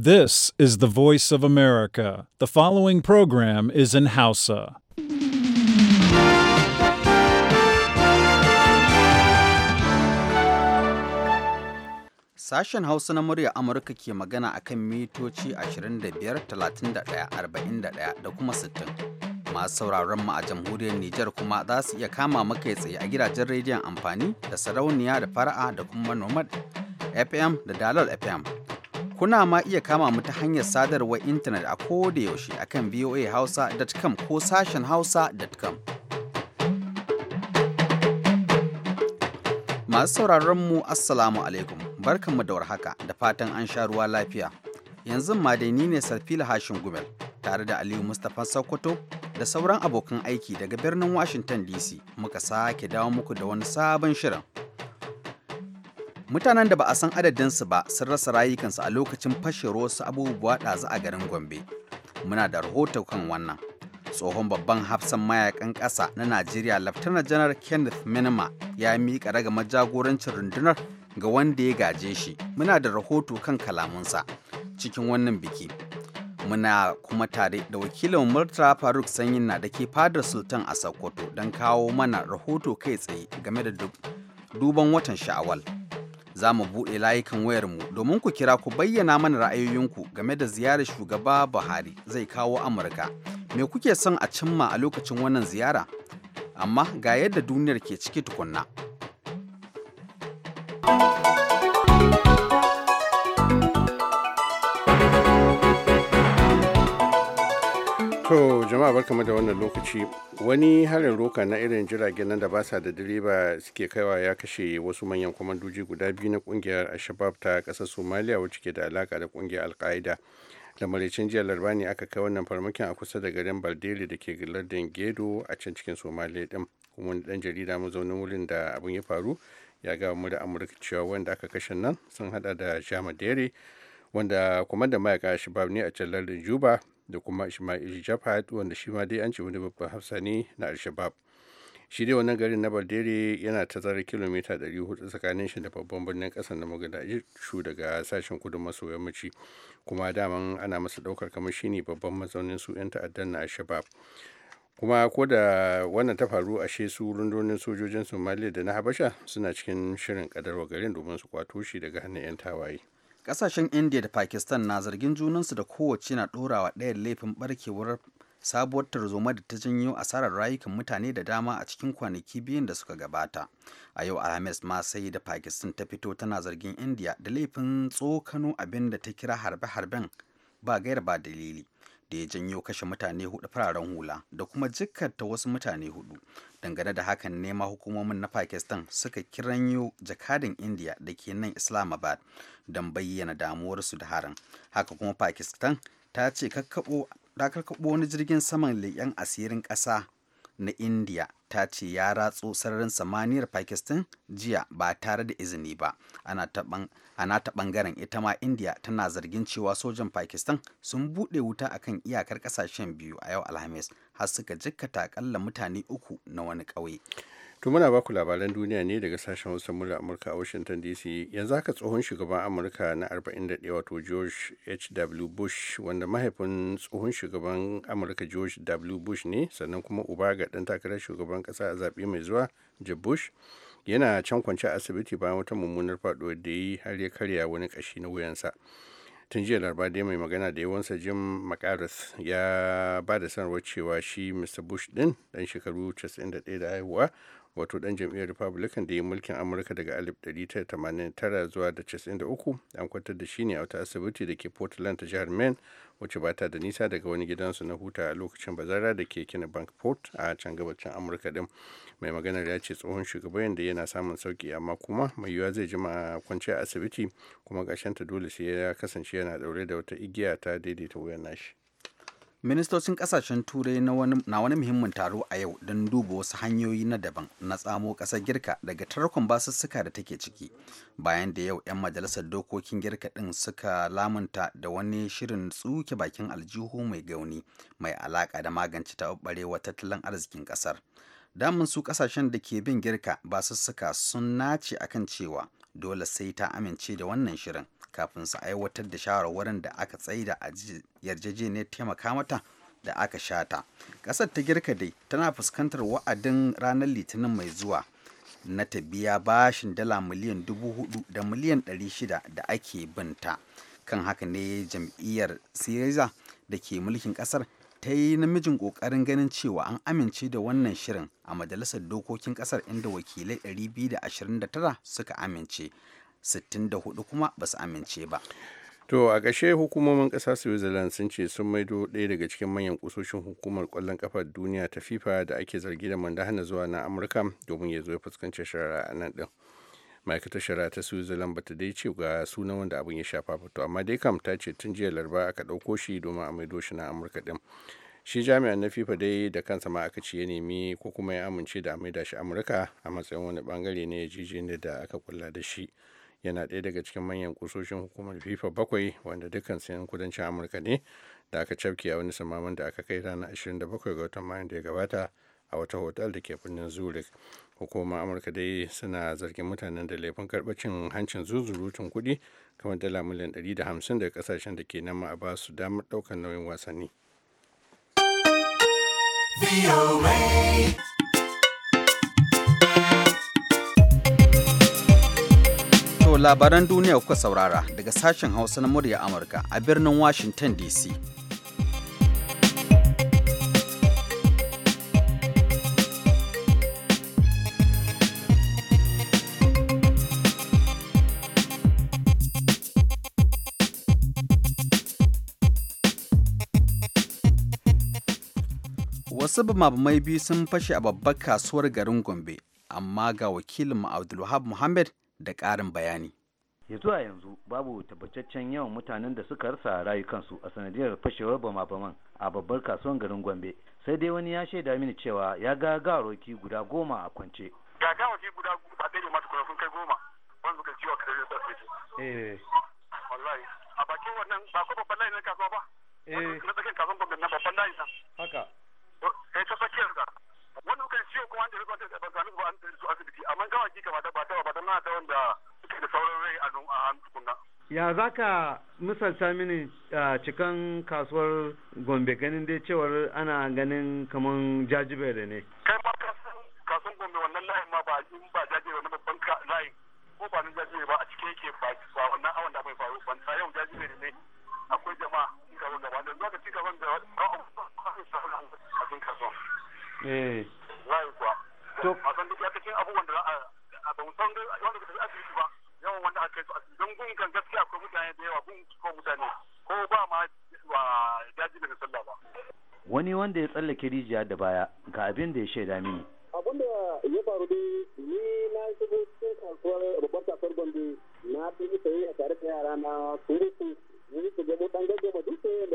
This is the voice of America. The following program is in Hausa. Sashen Hausa na murya Amurka ke magana a kan mitoci 25, 31, 41 da kuma 60. Masu sauraron mu a jamhuriyar Nijar kuma za su iya kama makai tsaye a gidajen rediyon amfani da sarauniya da fara'a da kuma nomad FM da dalar FM. Kuna ma iya kama mu ta hanyar sadarwar intanet a ko da yaushe akan voahausa.com ko sashen hausa.com. Masu sauraron mu Assalamu alaikum, barkanmu da warhaka da fatan an sha ruwa lafiya. Yanzu ma dai ni ne Sarfila Hashin Gumel tare da Aliyu Mustapha Sokoto da sauran abokan aiki daga birnin Washington DC muka sake dawo muku da wani sabon shirin. mutanen da ba a san adadinsu ba sun rasa rayukansu a lokacin fashewar wasu abubuwa ɗazu a garin gombe muna da rahoto kan wannan tsohon babban hafsan mayakan ƙasa na najeriya laftanar janar kenneth minima ya miƙa ragamar majagorancin rundunar ga wanda ya gaje shi muna da rahoto kan kalamunsa cikin wannan biki muna kuma tare da wakilin murtala faruk sanyin na da ke fadar sultan a sokoto don kawo mana rahoto kai tsaye game da duban watan sha'awal za mu buɗe layukan wayarmu domin ku kira ku bayyana mana ra'ayoyinku game da ziyarar shugaba Buhari zai kawo Amurka. Me kuke son a cimma a lokacin wannan ziyara? Amma ga yadda duniyar ke ciki tukunna. To jama'a barkamu da wannan lokaci wani harin roka na irin jiragen nan da basa da direba suke kaiwa ya kashe wasu manyan kwamandoji guda biyu na kungiyar Ashabab ta kasar somaliya wacce ke da alaka da kungiyar alkaida da maraicin jiya larba ne aka kai wannan farmakin a kusa da garin balderi da ke lardin Gedo a can cikin somaliya din. Kuma wani dan jarida mazaunin wurin da abin ya faru ya gawa mu da Amurka cewa wanda aka kashe nan sun hada da Jama Dere wanda kuma da mayaka Shabab ne a can lardin Juba da kuma Ismail Jafat wanda shi ma dai an ce wani babban hafsa ne na Al-Shabab. Shi dai wannan garin na Baldere yana ta zarar kilomita 400 tsakanin shi da babban birnin kasar na Mogadishu daga sashen kudu maso yammaci kuma daman ana masa daukar kamar shi ne babban mazaunin su 'yan ta'addan na Al-Shabab. kuma ko da wannan ta faru a ashe su rundunonin sojojin somaliya da na habasha suna cikin shirin kadarwa garin domin su kwato shi daga hannun 'yan tawaye kasashen India da Pakistan na zargin junansu da kowace na ɗorawa ɗaya laifin barkewar sabuwar tarzoma da ta janyo asarar rayukan mutane da dama a cikin kwanaki biyun da suka gabata a yau alhamis ma sai da pakistan ta fito tana zargin india da laifin tsokano abin da ta kira harbe-harben ba gaira ba dalili da ya janyo kashe mutane hudu fararen hula da kuma jikarta wasu mutane hudu dangane da hakan nema hukumomin na pakistan suka kiranyo jakadin india da ke nan islamabad don bayyana damuwarsu da harin haka kuma pakistan ta ce kakkaɓo wani jirgin saman leƙen asirin ƙasa na india ta ce ya ratso sararin samaniyar pakistan jiya ba tare da izini ba ana ta bangaren ita ma india tana zargin cewa sojan pakistan sun buɗe wuta akan iyakar ƙasashen biyu a yau alhamis har suka jikkata akalla mutane uku na wani ƙauye To muna baku labaran duniya ne daga sashen Hausa murya Amurka a Washington DC. Yanzu haka tsohon shugaban Amurka na 41 wato George H.W. Bush wanda mahaifin tsohon shugaban Amurka George W. Bush ne sannan kuma uba ga ɗan takarar shugaban ƙasa a zaɓe mai zuwa Jeb Bush yana can kwance a asibiti bayan wata mummunar faɗuwar da ya yi har ya karya wani ƙashi na wuyansa. tun jiya larba dai mai magana da yawansa jim makaras ya ba da sanarwar cewa shi mr bush din dan shekaru 91 da haihuwa wato dan jam'iyyar republican da ya mulkin amurka daga 1989 zuwa da 93 an kwantar da shi ne a wata asibiti da ke portland ta jihar maine wacce ba ta da nisa daga wani gidansu na huta a lokacin bazara da ke bank port a can gabacin amurka din mai maganar ya ce tsohon shugaban da yana samun sauki amma kuma mai yiwuwa zai jima kwanci a asibiti kuma ƙarshen dole sai ya kasance yana daure da wata igiya ta daidaita wuyan nashi ministocin kasashen turai na wani muhimmin taro a yau don duba wasu hanyoyi na daban na tsamo ƙasar girka daga tarkon basussuka da take ciki bayan da yau 'yan majalisar dokokin girka ɗin suka lamunta da wani shirin tsuke bakin aljihu mai gauni mai alaƙa da magance taɓarɓarewa tattalin arzikin ƙasar damun su ƙasashen da ke bin girka basussuka sun nace akan cewa dole sai ta amince da wannan shirin kafin su aiwatar da shawarwarin da aka tsaida a yarjejeniyar taimaka mata da aka shata ƙasar ta girka dai tana fuskantar wa'adin ranar litinin mai zuwa na ta biya bashin dala miliyan dubu hudu da miliyan ɗari shida da ake binta kan haka ne jam'iyyar siriza da ke mulkin ƙasar ta yi namijin kokarin ganin cewa an amince da wannan shirin a majalisar dokokin ƙasar inda wakilai 229 suka amince 64 kuma ba su amince ba To a ƙashe hukumomin ƙasa Switzerland sun ce sun maido ɗaya daga cikin manyan kusoshin hukumar ƙwallon ƙafar duniya ta FIFA da ake zargi da manda hana zuwa na Amurka domin ya zo ya fuskanci shari'a a nan ɗin. ma'aikatar shari'a ta switzerland bata dai ce ga sunan wanda abin ya shafa fito amma dai kam ta ce tun jiya laraba aka ɗauko shi domin a maido shi na amurka din shi jami'an na fifa dai da kansa ma aka ce ya nemi ko kuma ya amince da maida shi amurka a matsayin wani bangare ne ya da aka kula da shi yana ɗaya daga cikin manyan kusoshin hukumar fifa bakwai wanda dukkan sayan kudancin amurka ne da aka cafke a wani samaman da aka kai ranar 27 ga watan mayan da ya gabata a wata hotel da ke birnin zurich hukumar amurka dai suna zargin mutanen da laifin karbacin cin hancin zuzurutun kudi kamar dala miliyan 150 daga kasashen da ke nama a ba su damar ɗaukar nauyin wasanni labaran duniya kuka saurara daga sashen hausa na murya amurka a birnin washington dc wasu bamabamai biyu sun fashe a babbar kasuwar garin gombe amma ga wakilin abdulwahab muhammad da ƙarin bayani ya zuwa yanzu babu tabbataccen yawan mutanen da suka rasa rayukansu a sanadiyar fashewar bama-baman a babbar kasuwar garin gombe sai dai wani ya shaida mini cewa ya ga garoki guda goma a kwance ga garoki guda a ɗaya masu kuna kai goma wanda suka ciwo kare da asibiti eh wallahi a bakin wannan ba ko babban layin na kasuwa ba eh na tsakin kasuwar gombe na babban layin haka Eh, ta tsakiyar da wani kan ciwo kuma an da rikon da ban sami ba an da su asibiti amma gawaki kamar da ba ta ba ta na ta wanda suke da sauran rai a hannu tukunna. ya za ka misalta mini cikan kasuwar gombe ganin dai cewar ana ganin kaman jajibere ne kai ma kasuwar gombe wannan layin ma ba in ba jajibere wannan babban layin ko ba nan jajibere ba a cikin yake ba ba wannan awon da bai faru ban sa yau jajibere ne akwai jama'a ci gaba da zuwa ga ci gaban gaba Eh. abin a ba akwai mutane da yawa gun ko mutane ko ba ma wa ba. Wani wanda ya tsallake rijiya da baya ga abin da ya shaida mini. Abin ya faru dai ni na shigo cikin kasuwar babbar kasuwar Gombe na fi sayi a tare da yara na kuri su mun su da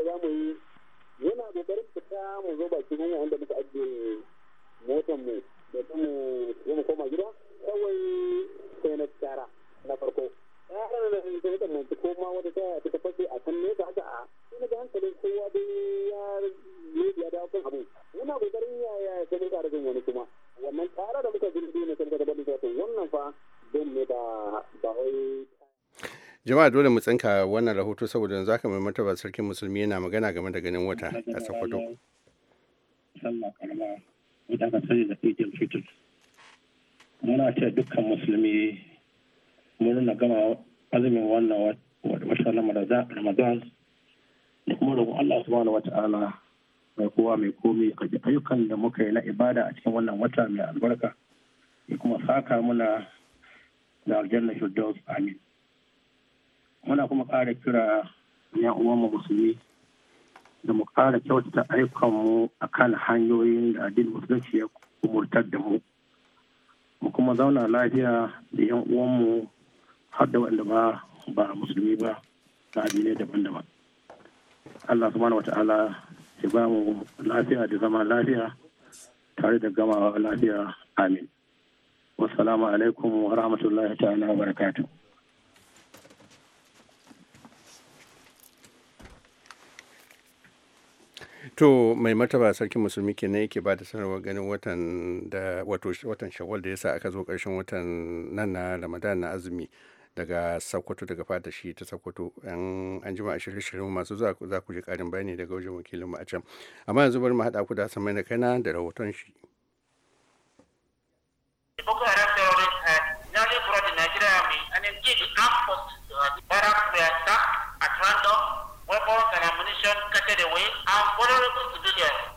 za mu yi yana kokarin fita mu zo bakin hanya wanda muka ajiye motan mu da mu koma gida kawai sai na tara jama'a dole mu tsinka wannan rahoto saboda yanzu haka mai martaba sarkin musulmi yana magana game da ganin wata a sokoto muna ce dukkan musulmi na gama azumin wannan wata ramadan da kuma roƙon allah subhanahu wata'ala mai kowa mai komi a ji ayyukan da muka yi na ibada a cikin wannan wata mai albarka ya kuma saka muna da aljanna firdaus amin muna kuma ƙara kira yan uwanmu musulmi da mu ƙara kyautata ayyukanmu a kan hanyoyin da addini musulunci ya umurtar da mu mu kuma zauna lafiya da yan uwanmu har da wanda ba ba musulmi ba na addinai daban-daban Allah subhanahu wata'ala ya ba mu lafiya da zama lafiya tare da gamawa lafiya amin wassalamu alaikum wa rahmatullahi ta'ala wa barakatuh to mai mataba sarkin musulmi kenan yake ba da sanarwar ganin watan da wato watan shawwal da yasa aka zo karshen watan nan na ramadan na azumi daga sokoto daga fata shi ta sokoto an an jima a shirye shiryen masu za ku ji karin bayani daga wajen wakilin mu a can amma yanzu bari mu haɗa ku da hasan mai da kaina da rahoton shi The way I'm vulnerable to failure.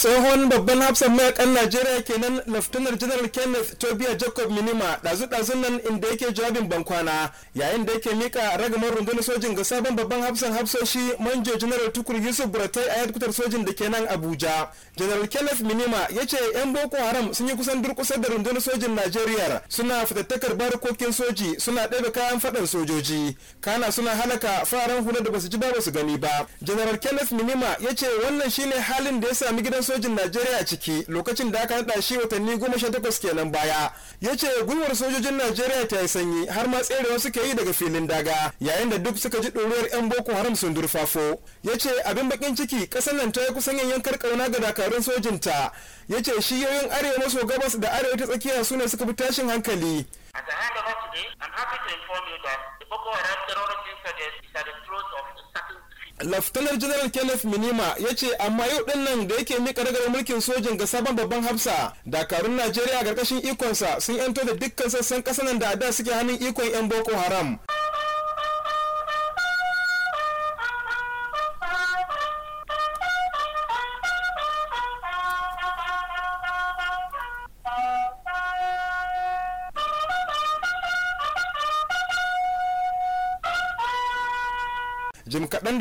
tsohon babban hafsan mayakan najeriya kenan laftanar janar kenneth tobia jacob minima ɗazu-ɗazun nan inda yake jawabin bankwana yayin da yake mika ragamar rundunar sojin ga sabon babban hafsan hafsoshi manjo janar tukur yusuf buratai a yadkutar sojin da ke nan abuja janar kenneth minima ya ce yan boko haram sun yi kusan durkusar da rundunar sojin najeriya suna fitattakar barikokin soji suna ɗebe kayan faɗan sojoji kana suna halaka faran hula da basu ji ba basu gani ba janar kenneth minima ya ce wannan shine halin da ya sami gidan sojin najeriya ciki lokacin da aka haɗa shi watanni goma sha takwas kenan baya ya ce gwiwar sojojin najeriya ta yi sanyi har ma tserewa suka yi daga filin daga yayin da duk suka ji ɗorewar yan boko haram sun durfafo ya ce abin bakin ciki ƙasar nan ta yi kusan yankar ƙauna ga dakarun sojinta ya ce shiyoyin arewa maso gabas da arewa ta tsakiya su ne suka fi tashin hankali As I hand over today, I'm happy to inform you that the Boko Haram terrorist insurgents is at the throat of a certain Laftanar General Kenneth Minima ya ce amma yau din nan da yake mika ragar mulkin sojin ga sabon babban hafsa dakarun Najeriya a ƙarƙashin ikonsa sun yanto da dukkan sassan nan da a da suke hannun ikon 'yan Boko Haram.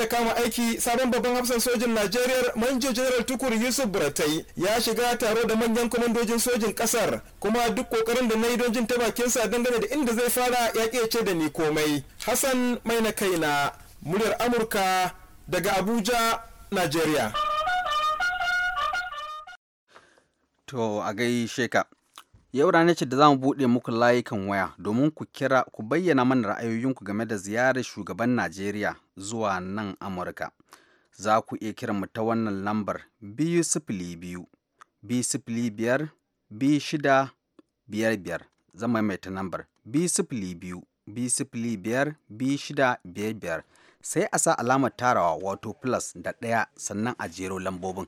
kama aiki sabon babban hafsan sojin najeriya manjo general tukur yusuf buratai ya shiga taro da manyan kwamandojin sojin kasar kuma duk kokarin da na yi don jin ta sa dangane da inda zai fara ya ce da ni komai hassan mai na kaina muryar amurka daga abuja najeriya to a gaishe ka Yau rana ce da za mu buɗe muku layukan waya domin ku kira ku bayyana mana ra'ayoyinku game da ziyarar shugaban Najeriya zuwa nan Amurka. Za ku iya kiran mu ta wannan lambar biyu sifili biyu, biyu sifili biyar, biyu shida biyar biyar. Zan maimaita lambar biyu sifili biyu, biyu sifili biyar, biyu shida biyar biyar. Sai a sa alamar tarawa wato plus da ɗaya sannan a jero lambobin.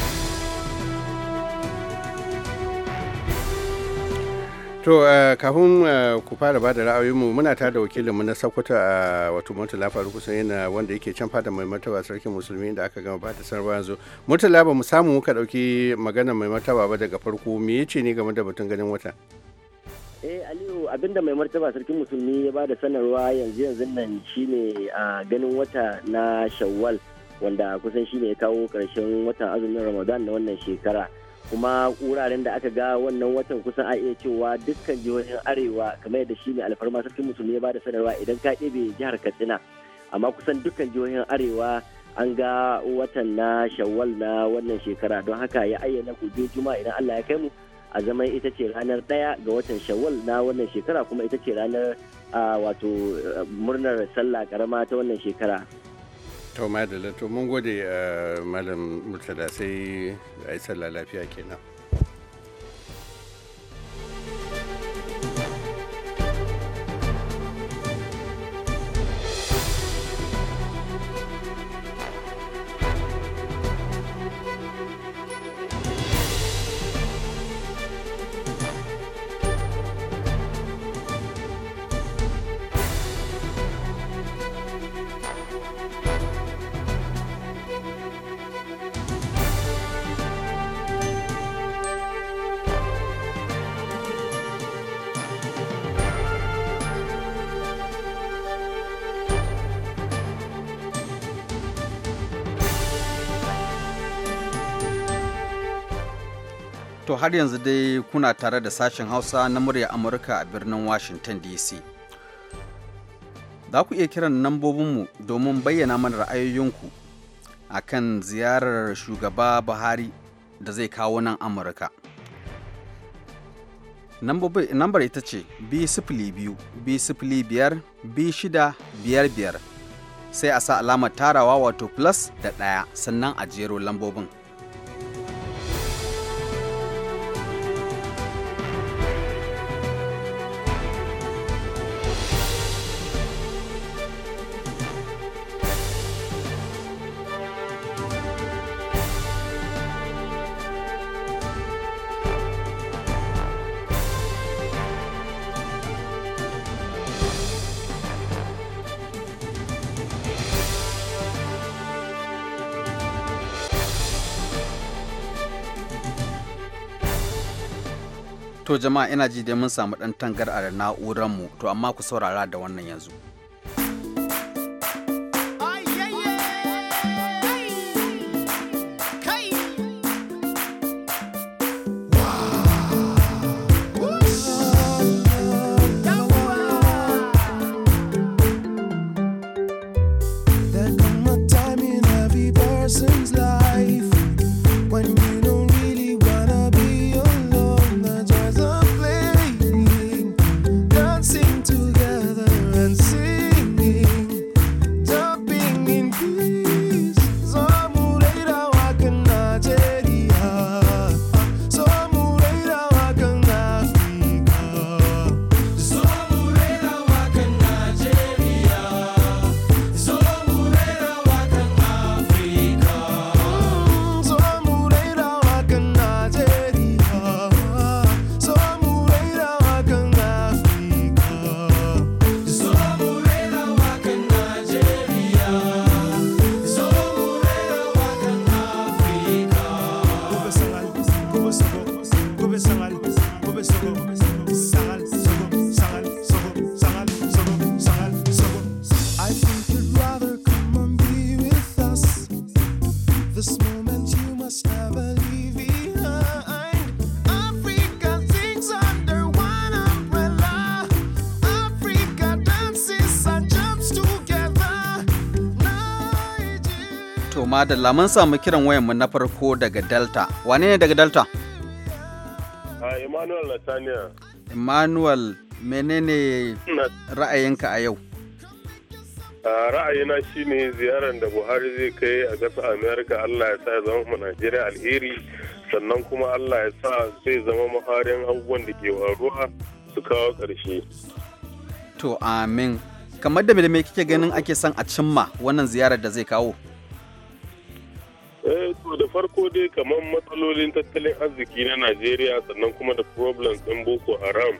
To eh, kafin eh, ku fara ba da ra'ayoyinmu muna tare da wakilinmu na Sokoto a eh, wato Murtala Faruku yana wanda yake can fada mai martaba sarkin musulmi da aka gama ba sarwa yanzu. Murtala ba mu samu muka dauki magana mai martaba ba daga farko me yace ne game da batun ganin wata? Eh Aliyu abinda mai martaba sarkin musulmi ya ba da sanarwa yanzu yanzu nan shine a ganin wata na Shawwal wanda kusan shine ya kawo karshen watan azumin Ramadan na wannan shekara. kuma wuraren da aka ga wannan watan kusan a iya cewa dukkan jihohin arewa kamar yadda shi ne alfarma sarkin musulmi ya ba da sanarwa idan ka ɗebe jihar katsina amma kusan dukkan jihohin arewa an ga watan na shawwal na wannan shekara don haka ya ayyana gobe juma'a idan allah ya kai mu a zaman ita ce ranar ɗaya ga watan shawwal na wannan shekara kuma ita ce ranar wato murnar sallah karama ta wannan shekara to madalla to mun gode eh, malam murtala sai a yi lafiya kenan har yanzu dai kuna tare da sashen Hausa na murya Amurka a birnin Washington DC. Za ku iya kiran nambobinmu domin bayyana mana ra'ayoyinku a kan ziyarar shugaba Buhari da zai kawo nan Amurka. Nambar ita ce b biyu b biyar b shida biyar biyar sai a sa alamar tarawa wato plus da ɗaya sannan a jero lambobin. To jama'a ina ji da mun samu ɗan tangar a na'urar mu to amma ku saurara da wannan yanzu. Madalla mun samu kiran wayanmu na farko daga Delta. Wane ne daga Delta? Emmanuel Natania. Emmanuel menene ra'ayinka a yau? Ra'ayina shi ne ziyarar da Buhari zai kai a gasa Amerika Allah ya sa zama mu Najeriya alheri sannan kuma Allah ya sa zai zama muharin abubuwan da ke waruwa su kawo ƙarshe. To amin. Kamar da me kike ganin ake son a cimma wannan ziyarar da zai kawo? Eh, to da farko dai kamar matsalolin tattalin arziki na najeriya sannan kuma da problem ɗin boko haram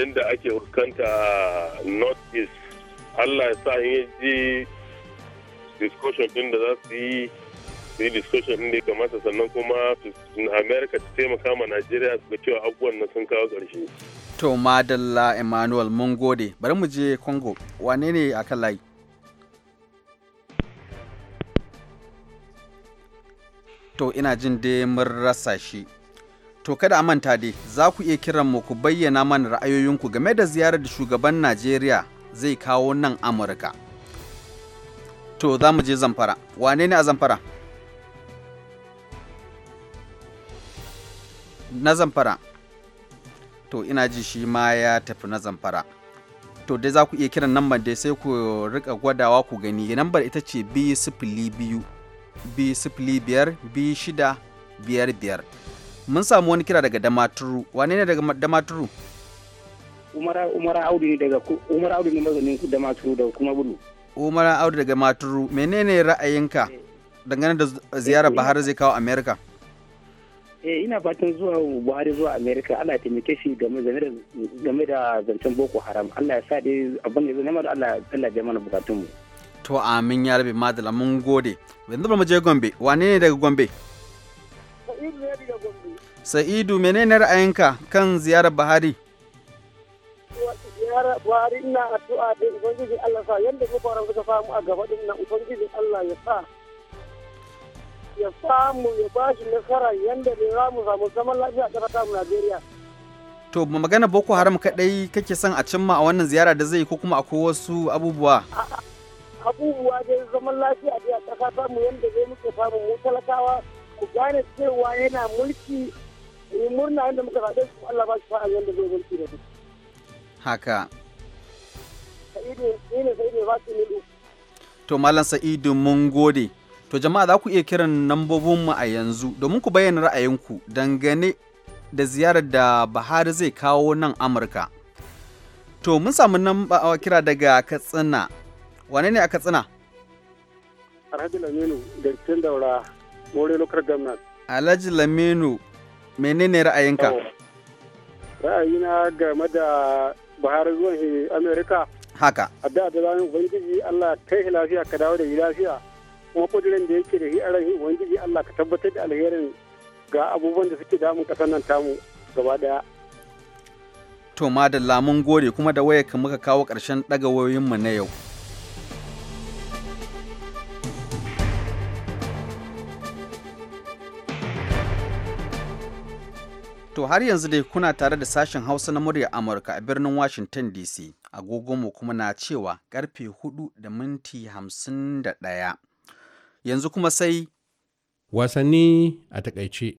inda ake fuskanta a north east allah ya sa yin ji discussion ɗin da za su yi su discussion ɗin da ya kamata sannan kuma america ta taimaka ma najeriya su ga cewa abubuwan na sun kawo ƙarshe to madalla emmanuel mun bari mu je congo wane ne akan layi to ina jin dai mun rasa shi to kada a manta dai za ku iya kiran mu ku bayyana mana ra'ayoyinku game da ziyarar da shugaban najeriya zai kawo nan amurka to za mu je zamfara wane ne a zamfara na zamfara to ina ji shi ma ya tafi na zamfara to dai za ku iya kiran nan dai sai ku rika gwadawa ku gani nambar ita ce biyu sifili biyu biyar mun samu wani kira daga damaturu wane ne daga damaturu audu ne daga audu ne mazanin da kuma bulu audu daga maturu menene ra'ayinka dangane da ziyarar eh, bahar zai kawo amerika. Eh, ina fatan zuwa buhari zuwa america allah ya taimake shi game da zancen boko haram allah ya sa dai abin da allah ya bukatunmu to amin ya rabe madala mun gode yanzu bari mu je gombe wane ne daga gombe sa'idu menene ra'ayinka kan ziyarar buhari ziyarar buhari ina addu'a da ubangiji allah sa yadda muka suka samu a gaba din nan ubangiji allah ya sa ya samu ya ba shi nasara yadda ne za mu samu zaman lafiya a ƙasar mu najeriya to magana boko haram kaɗai kake son a cimma a wannan ziyara da zai ko kuma akwai wasu abubuwa a'a abubuwa da zaman lafiya da ta ta mu yadda zai muke samu mu talakawa ku gane cewa yana mulki mu murna yadda muka zaɓe su Allah ba shi fa'a yadda zai mulki da su. Haka. Sa'idu ne Sa'idu ba su nilu. To Malam Sa'idu mun gode. To jama'a za ku iya kiran nambobinmu a yanzu domin ku bayyana ra'ayinku dangane da ziyarar da Buhari zai kawo nan Amurka. To mun samu namba kira daga Katsina wane ne aka tsina alhaji laminu garkin daura Mori local government alhaji laminu menene ra'ayinka ra'ayina game da buhari zuwa amerika haka a da da ubangiji allah kai lafiya ka dawo da yi lafiya kuma kudurin da yake da shi a rahin ubangiji allah ka tabbatar da alherin ga abubuwan da suke damun kasar nan tamu gaba daya to ma da lamun gode kuma da waya kan muka kawo ƙarshen ɗaga wayoyinmu na yau To har yanzu dai kuna tare da sashen Hausa na murya Amurka a birnin Washington DC. mu kuma na cewa karfe 4 da minti hamsin da 51. Yanzu kuma sai wasanni a takaice.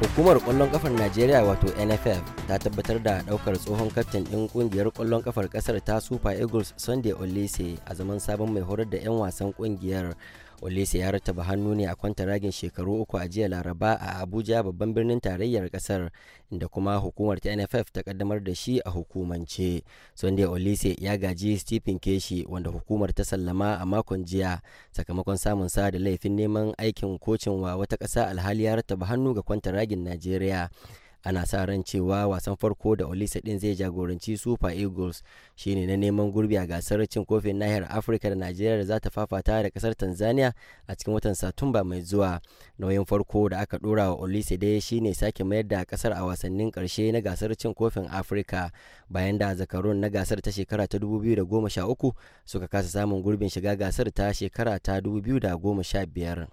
hukumar kwallon kafar najeriya wato nff ta tabbatar da daukar tsohon kaftin din kungiyar kwallon kafar kasar ta super eagles sunday olise a zaman sabon mai horar da 'yan wasan kungiyar olise ya rattaba hannu ne a kwantaragin shekaru uku a jiya laraba a abuja babban birnin tarayyar kasar inda kuma hukumar ta nff ta kaddamar da shi a hukumance sunday olise ya gaji stephen keshi wanda hukumar ta sallama a makon jiya sakamakon samun sa da laifin neman aikin kocin wa wata kasa alhali ya rattaba hannu ga kwantaragin najeriya ana sa ran cewa wasan farko da olisa din zai jagoranci super eagles shine na neman gurbi a gasar cin kofin nahiyar afirka da najeriya da za ta fafata da kasar tanzania a cikin watan satumba mai zuwa nauyin farko da aka dora wa olise dai shine sake mayar da kasar a wasannin karshe na gasar cin kofin afirka bayan da zakarun na gasar ta shekara ta 2013 suka kasa samun gurbin shiga gasar ta shekara ta 2015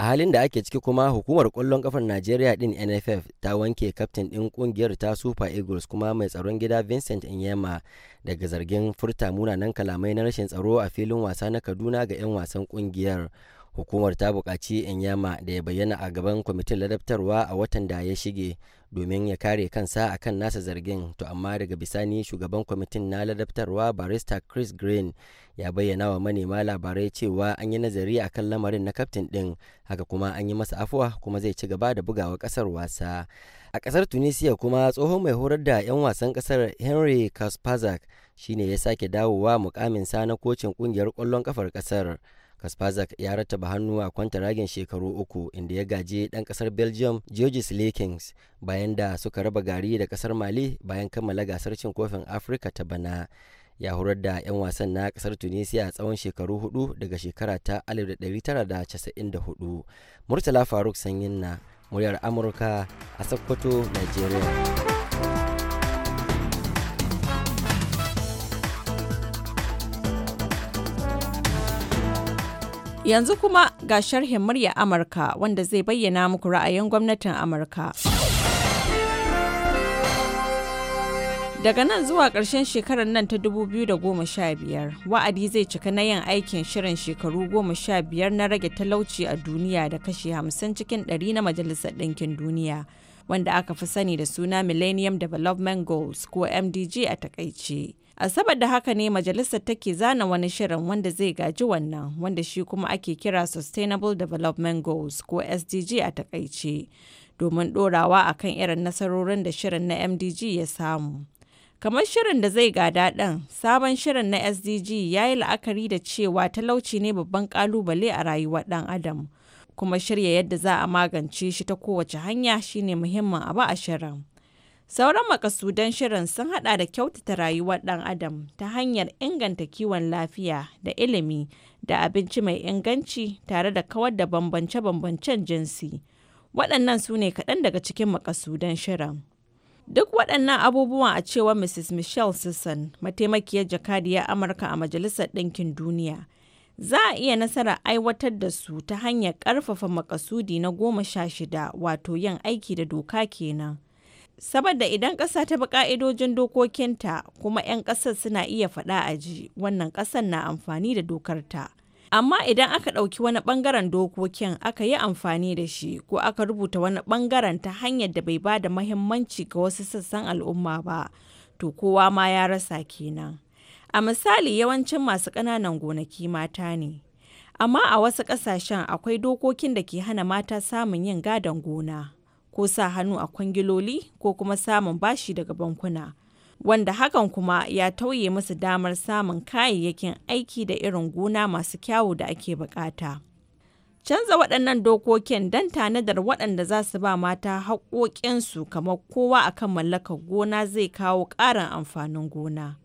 a halin da ake ciki kuma hukumar kwallon kafar najeriya din nff ta wanke kaftin din kungiyar ta super eagles kuma mai tsaron gida vincent inyema daga zargin furta munanan kalamai na rashin tsaro a filin wasa na kaduna ga 'yan wasan kungiyar hukumar ta buƙaci enyama da ya bayyana a gaban kwamitin ladabtarwa a watan da ya shige domin ya kare kansa a kan nasa zargin to amma daga bisani shugaban kwamitin na ladabtarwa barista chris green ya bayyana wa manema labarai cewa an yi nazari a kan lamarin na kaftin din haka kuma an yi masa afuwa kuma zai ci gaba da bugawa kasar wasa a kasar tunisia kuma tsohon mai horar da 'yan wasan kasar henry kaspazak shine ya sake dawowa mukamin sa na kocin kungiyar kwallon kafar kasar kaspazak ya rattaba hannu a kwanta ragin shekaru uku inda ya gaji ɗan ƙasar belgium georges lakings bayan da suka raba gari da ƙasar mali bayan kammala gasar cin kofin afirka ta bana ya horar da 'yan wasan na ƙasar tunisia tsawon shekaru hudu daga shekara ta 1994 murtala faruk sanyin na muryar amurka a sokoto nigeria Yanzu kuma ga sharhin murya Amurka wanda zai bayyana muku ra'ayin gwamnatin Amurka. Daga nan zuwa ƙarshen shekarar nan ta 2015, wa'adi zai cika na yin aikin shirin shekaru 15 na rage talauci a duniya da kashe 50 cikin 100 na Majalisar Ɗinkin Duniya, wanda aka fi sani da suna Millennium Development Goals ko MDG a takaice. Asabar da haka ne majalisar take zana wani shirin wanda zai gaji wannan wanda shi kuma ake kira Sustainable Development Goals ko SDG a takaice domin ɗorawa akan irin nasarorin da shirin na MDG ya samu. Kamar shirin da zai gada ɗin, sabon shirin na SDG ya yi la'akari da cewa talauci ne babban ƙalubale a rayuwar ɗan adam. kuma shirya yadda za a magance shi ta kowace hanya shine muhimmin abu a shirin. Sauran makasudan shirin sun hada da kyautata rayuwar ɗan adam ta hanyar inganta kiwon lafiya da ilimi da abinci mai inganci tare da kawar da bambance-bambancen jinsi. Waɗannan su ne kaɗan daga cikin makasudan shirin. Duk waɗannan abubuwan a cewa Mrs. Michelle Sisson, mataimakiyar jakadiyar Amurka a Majalisar Ɗinkin Duniya, za a iya nasara aiwatar da su ta hanyar ƙarfafa makasudi na goma sha shida wato yin aiki da doka kenan. saboda idan ƙasa ta bi ƙa'idojin dokokinta kuma 'yan ƙasar suna iya faɗa a ji wannan ƙasar na amfani da dokarta amma idan aka ɗauki wani ɓangaren dokokin aka yi amfani da shi ko aka rubuta wani ɓangaren ta hanyar da bai ba da mahimmanci ga wasu sassan al'umma ba to kowa ma ya rasa kenan a misali yawancin masu ƙananan gonaki mata ne amma a wasu ƙasashen akwai dokokin da ke hana mata samun yin gadon gona. ko sa hannu a kwangiloli ko kuma samun bashi daga bankuna. Wanda hakan kuma ya tauye musu damar samun kayayyakin aiki da irin gona masu kyawu da ake bukata. Canza waɗannan dokokin don tanadar waɗanda za su ba mata haƙoƙinsu kamar kowa akan mallakar gona zai kawo ƙarin amfanin gona.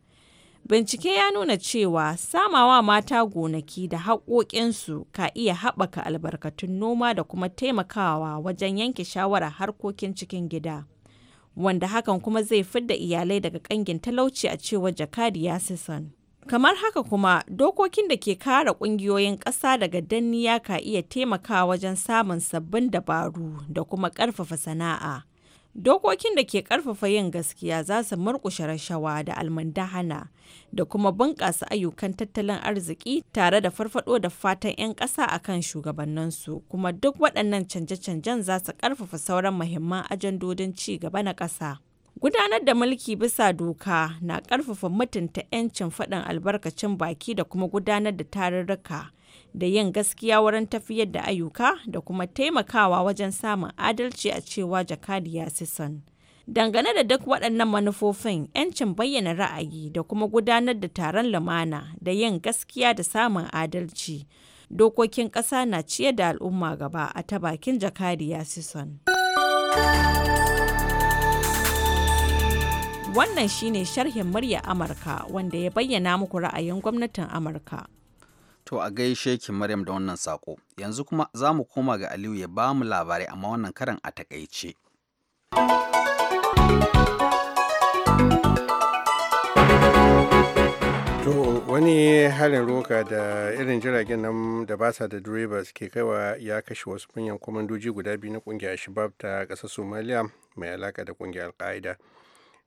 Bincike ya nuna cewa samawa mata gonaki da haƙoƙinsu ka iya haɓaka albarkatun noma da kuma taimakawa wajen yanke shawarar harkokin cikin gida, wanda hakan kuma zai fidda iyalai daga ƙangin talauci a cewar Jakadiya Sisson. Kamar haka kuma, dokokin da ke kare ƙungiyoyin ƙasa daga danniya ka iya taimakawa wajen samun sabbin dabaru da kuma ƙarfafa sana'a. Dokokin da ke ƙarfafa yin gaskiya za su murkushe rashawa da almandahana da kuma bunƙasa ayyukan tattalin arziki tare da farfado da fatan 'yan ƙasa a kan shugabanninsu kuma duk waɗannan canje-canjen za su ƙarfafa sauran muhimman ajandodin ci gaba na ƙasa. Gudanar da mulki bisa doka na ƙarfafa mutunta 'yancin faɗin albarkacin baki da kuma gudanar da tarurruka. da yin gaskiya wurin tafiyar da ayyuka da kuma taimakawa wajen samun adalci a cewa jakadi ya Sison. Dangane da duk waɗannan manufofin, 'yancin bayyana ra'ayi da kuma gudanar da taron lumana da yin gaskiya da samun adalci, dokokin ƙasa na ciye da al'umma gaba a ta bakin ya Sison. Wannan shine sharhin murya Amurka wanda ya bayyana muku ra'ayin gwamnatin Amurka. To a gaishe ki Maryam da wannan sako. Yanzu kuma za mu koma ga Aliyu ya ba mu labarai amma wannan karan a takaice. To wani halin roka da irin jiragen nan da ba sa da direba ke kaiwa ya kashe wasu manyan kwamandoji guda biyu na kungiyar Shabab ta ƙasar Somalia mai alaka da kungiyar al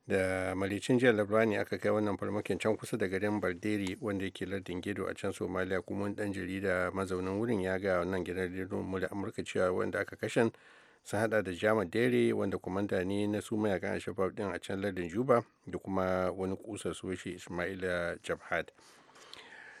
da malicin jiya labrani aka kai wannan farmakin can kusa da garin balderi wanda yake lardin gedo a can somalia kuma wani dan jarida mazaunin wurin ya ga wannan gidan rediyon mu da amurka cewa wanda aka kashen sun hada da jama dere wanda kumanda ne na su mayakan ashabab din a can lardin juba da kuma wani kusa soshi ismaila jabhad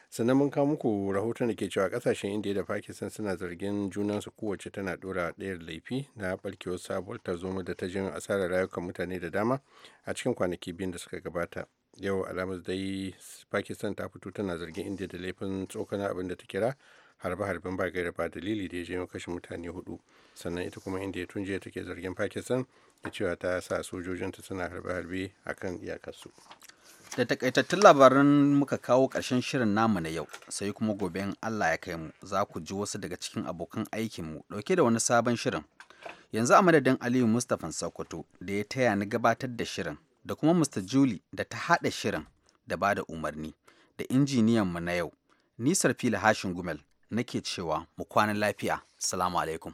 sannan mun kawo muku rahoton da ke cewa kasashen indiya da pakistan suna zargin junansu kowace tana dora ɗayar laifi na barkewar sabuwar tarzoma da ta jin asarar rayukan mutane da dama a cikin kwanaki biyun da suka gabata yau alhamis dai pakistan ta fito tana zargin indiya da laifin tsokana abin da ta kira harbe-harben ba gaira ba dalili da ya janyo kashe mutane hudu sannan ita kuma indiya tun jiya take zargin pakistan da cewa ta sa sojojinta suna harbe-harbe akan iyakarsu. da takaitattun labaran muka kawo ƙarshen shirin namu na yau sai kuma gobe in Allah ya kai mu za ku ji wasu daga cikin abokan aikinmu ɗauke da wani sabon shirin yanzu a madadin Aliyu Mustapha Sokoto da ya taya ni gabatar da shirin da kuma Mr. Julie da ta haɗa shirin da ba da umarni da injiniyan mu na yau nisar fili hashin gumel nake cewa mu kwana lafiya salamu alaikum